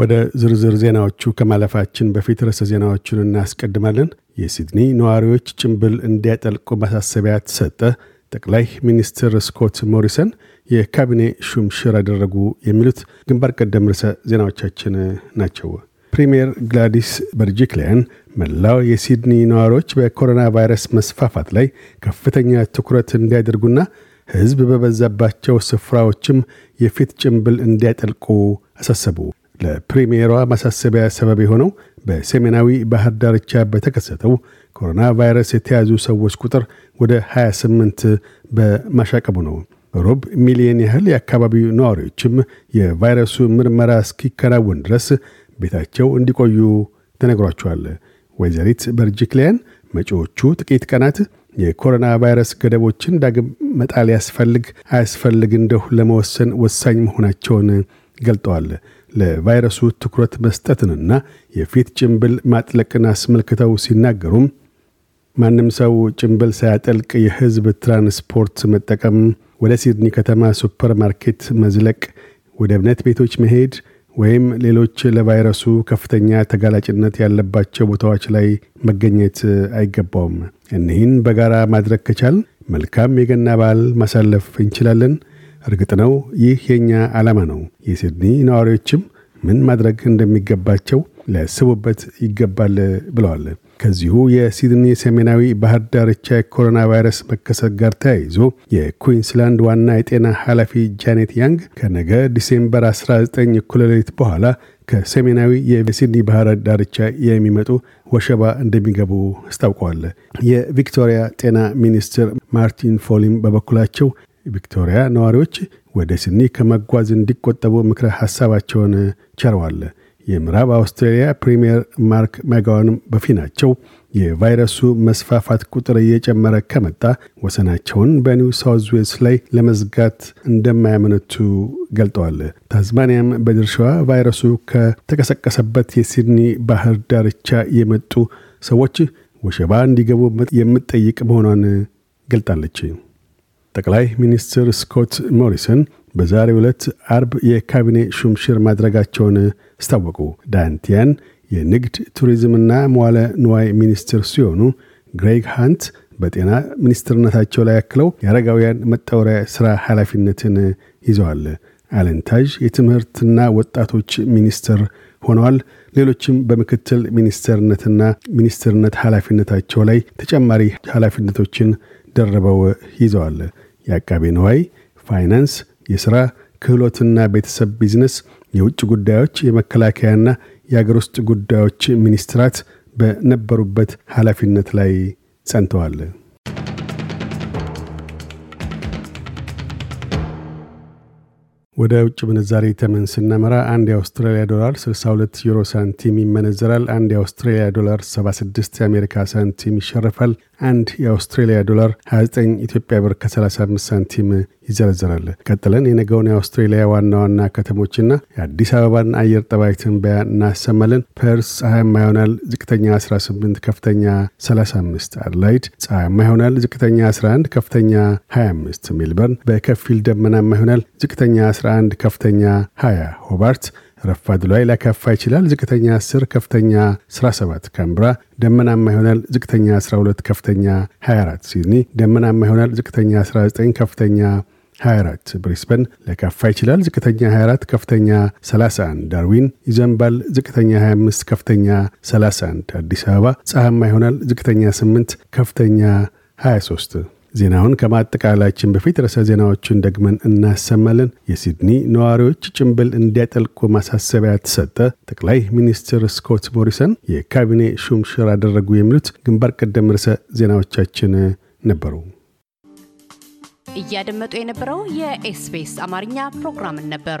ወደ ዝርዝር ዜናዎቹ ከማለፋችን በፊት ርዕሰ ዜናዎቹን እናስቀድማለን። የሲድኒ ነዋሪዎች ጭንብል እንዲያጠልቁ ማሳሰቢያ ተሰጠ፣ ጠቅላይ ሚኒስትር ስኮት ሞሪሰን የካቢኔ ሹምሽር አደረጉ፣ የሚሉት ግንባር ቀደም ርዕሰ ዜናዎቻችን ናቸው። ፕሪምየር ግላዲስ በርጂክሊያን መላው የሲድኒ ነዋሪዎች በኮሮና ቫይረስ መስፋፋት ላይ ከፍተኛ ትኩረት እንዲያደርጉና ህዝብ በበዛባቸው ስፍራዎችም የፊት ጭንብል እንዲያጠልቁ አሳሰቡ። ለፕሪሚየሯ ማሳሰቢያ ሰበብ የሆነው በሰሜናዊ ባህር ዳርቻ በተከሰተው ኮሮና ቫይረስ የተያዙ ሰዎች ቁጥር ወደ 28 በማሻቀቡ ነው። ሮብ ሚሊዮን ያህል የአካባቢው ነዋሪዎችም የቫይረሱ ምርመራ እስኪከናወን ድረስ ቤታቸው እንዲቆዩ ተነግሯቸዋል። ወይዘሪት በርጅክሊያን መጪዎቹ ጥቂት ቀናት የኮሮና ቫይረስ ገደቦችን ዳግም መጣል ያስፈልግ አያስፈልግ እንደሁ ለመወሰን ወሳኝ መሆናቸውን ገልጠዋል። ለቫይረሱ ትኩረት መስጠትንና የፊት ጭንብል ማጥለቅን አስመልክተው ሲናገሩም ማንም ሰው ጭንብል ሳያጠልቅ የህዝብ ትራንስፖርት መጠቀም፣ ወደ ሲድኒ ከተማ ሱፐር ማርኬት መዝለቅ፣ ወደ እምነት ቤቶች መሄድ ወይም ሌሎች ለቫይረሱ ከፍተኛ ተጋላጭነት ያለባቸው ቦታዎች ላይ መገኘት አይገባውም። እኒህን በጋራ ማድረግ ከቻል መልካም የገና በዓል ማሳለፍ እንችላለን። እርግጥ ነው ይህ የእኛ ዓላማ ነው። የሲድኒ ነዋሪዎችም ምን ማድረግ እንደሚገባቸው ሊያስቡበት ይገባል ብለዋል። ከዚሁ የሲድኒ ሰሜናዊ ባህር ዳርቻ የኮሮና ቫይረስ መከሰት ጋር ተያይዞ የኩዊንስላንድ ዋና የጤና ኃላፊ ጃኔት ያንግ ከነገ ዲሴምበር 19 እኩለ ሌሊት በኋላ ከሰሜናዊ የሲድኒ ባህር ዳርቻ የሚመጡ ወሸባ እንደሚገቡ አስታውቀዋል። የቪክቶሪያ ጤና ሚኒስትር ማርቲን ፎሊም በበኩላቸው ቪክቶሪያ ነዋሪዎች ወደ ስኒ ከመጓዝ እንዲቆጠቡ ምክረ ሐሳባቸውን ቸረዋል። የምዕራብ አውስትራሊያ ፕሪምየር ማርክ ማጋዋን በፊናቸው የቫይረሱ መስፋፋት ቁጥር እየጨመረ ከመጣ ወሰናቸውን በኒው ሳውዝ ዌልስ ላይ ለመዝጋት እንደማያመነቱ ገልጠዋል። ታዝማኒያም በድርሻዋ ቫይረሱ ከተቀሰቀሰበት የሲድኒ ባህር ዳርቻ የመጡ ሰዎች ወሸባ እንዲገቡ የምትጠይቅ መሆኗን ገልጣለች። ጠቅላይ ሚኒስትር ስኮት ሞሪሰን በዛሬ ዕለት አርብ የካቢኔ ሹምሽር ማድረጋቸውን አስታወቁ። ዳንቲያን የንግድ ቱሪዝምና መዋለ ንዋይ ሚኒስትር ሲሆኑ ግሬግ ሃንት በጤና ሚኒስትርነታቸው ላይ ያክለው የአረጋውያን መጣወሪያ ሥራ ኃላፊነትን ይዘዋል። አለንታዥ የትምህርትና ወጣቶች ሚኒስትር ሆነዋል። ሌሎችም በምክትል ሚኒስትርነትና ሚኒስትርነት ኃላፊነታቸው ላይ ተጨማሪ ኃላፊነቶችን ደርበው ይዘዋል። የአቃቤ ነዋይ፣ ፋይናንስ፣ የሥራ ክህሎትና ቤተሰብ ቢዝነስ፣ የውጭ ጉዳዮች፣ የመከላከያና የአገር ውስጥ ጉዳዮች ሚኒስትራት በነበሩበት ኃላፊነት ላይ ጸንተዋል። ወደ ውጭ ምንዛሪ ተመን ስናመራ አንድ የአውስትራሊያ ዶላር 62 ዩሮ ሳንቲም ይመነዘራል። አንድ የአውስትራሊያ ዶላር 76 የአሜሪካ ሳንቲም ይሸርፋል። አንድ የአውስትሬሊያ ዶላር 29 ኢትዮጵያ ብር ከ35 ሳንቲም ይዘረዘራል። ቀጥለን የነገውን የአውስትሬሊያ ዋና ዋና ከተሞችና የአዲስ አበባን አየር ጠባይ ትንበያ እናሰማለን። ፐርስ ፀሐያማ ይሆናል፣ ዝቅተኛ 18፣ ከፍተኛ 35። አድላይድ ፀሐያማ ይሆናል፣ ዝቅተኛ 11፣ ከፍተኛ 25። ሜልበርን በከፊል ደመናማ ይሆናል፣ ዝቅተኛ 11፣ ከፍተኛ 20። ሆባርት ረፋድ ላይ ሊያካፋ ይችላል። ዝቅተኛ 10 ከፍተኛ 17 ካምብራ ደመናማ ይሆናል። ዝቅተኛ 12 ከፍተኛ 24 ሲድኒ ደመናማ ይሆናል። ዝቅተኛ 19 ከፍተኛ 24 ብሪስበን ሊያካፋ ይችላል። ዝቅተኛ 24 ከፍተኛ 31 ዳርዊን ይዘንባል። ዝቅተኛ 25 ከፍተኛ 31 አዲስ አበባ ፀሐማ ይሆናል። ዝቅተኛ 8 ከፍተኛ 23 ዜናውን ከማጠቃላችን በፊት ርዕሰ ዜናዎቹን ደግመን እናሰማለን። የሲድኒ ነዋሪዎች ጭንብል እንዲያጠልቁ ማሳሰቢያ ተሰጠ፣ ጠቅላይ ሚኒስትር ስኮት ሞሪሰን የካቢኔ ሹምሽር አደረጉ፣ የሚሉት ግንባር ቀደም ርዕሰ ዜናዎቻችን ነበሩ። እያደመጡ የነበረው የኤስቢኤስ አማርኛ ፕሮግራምን ነበር።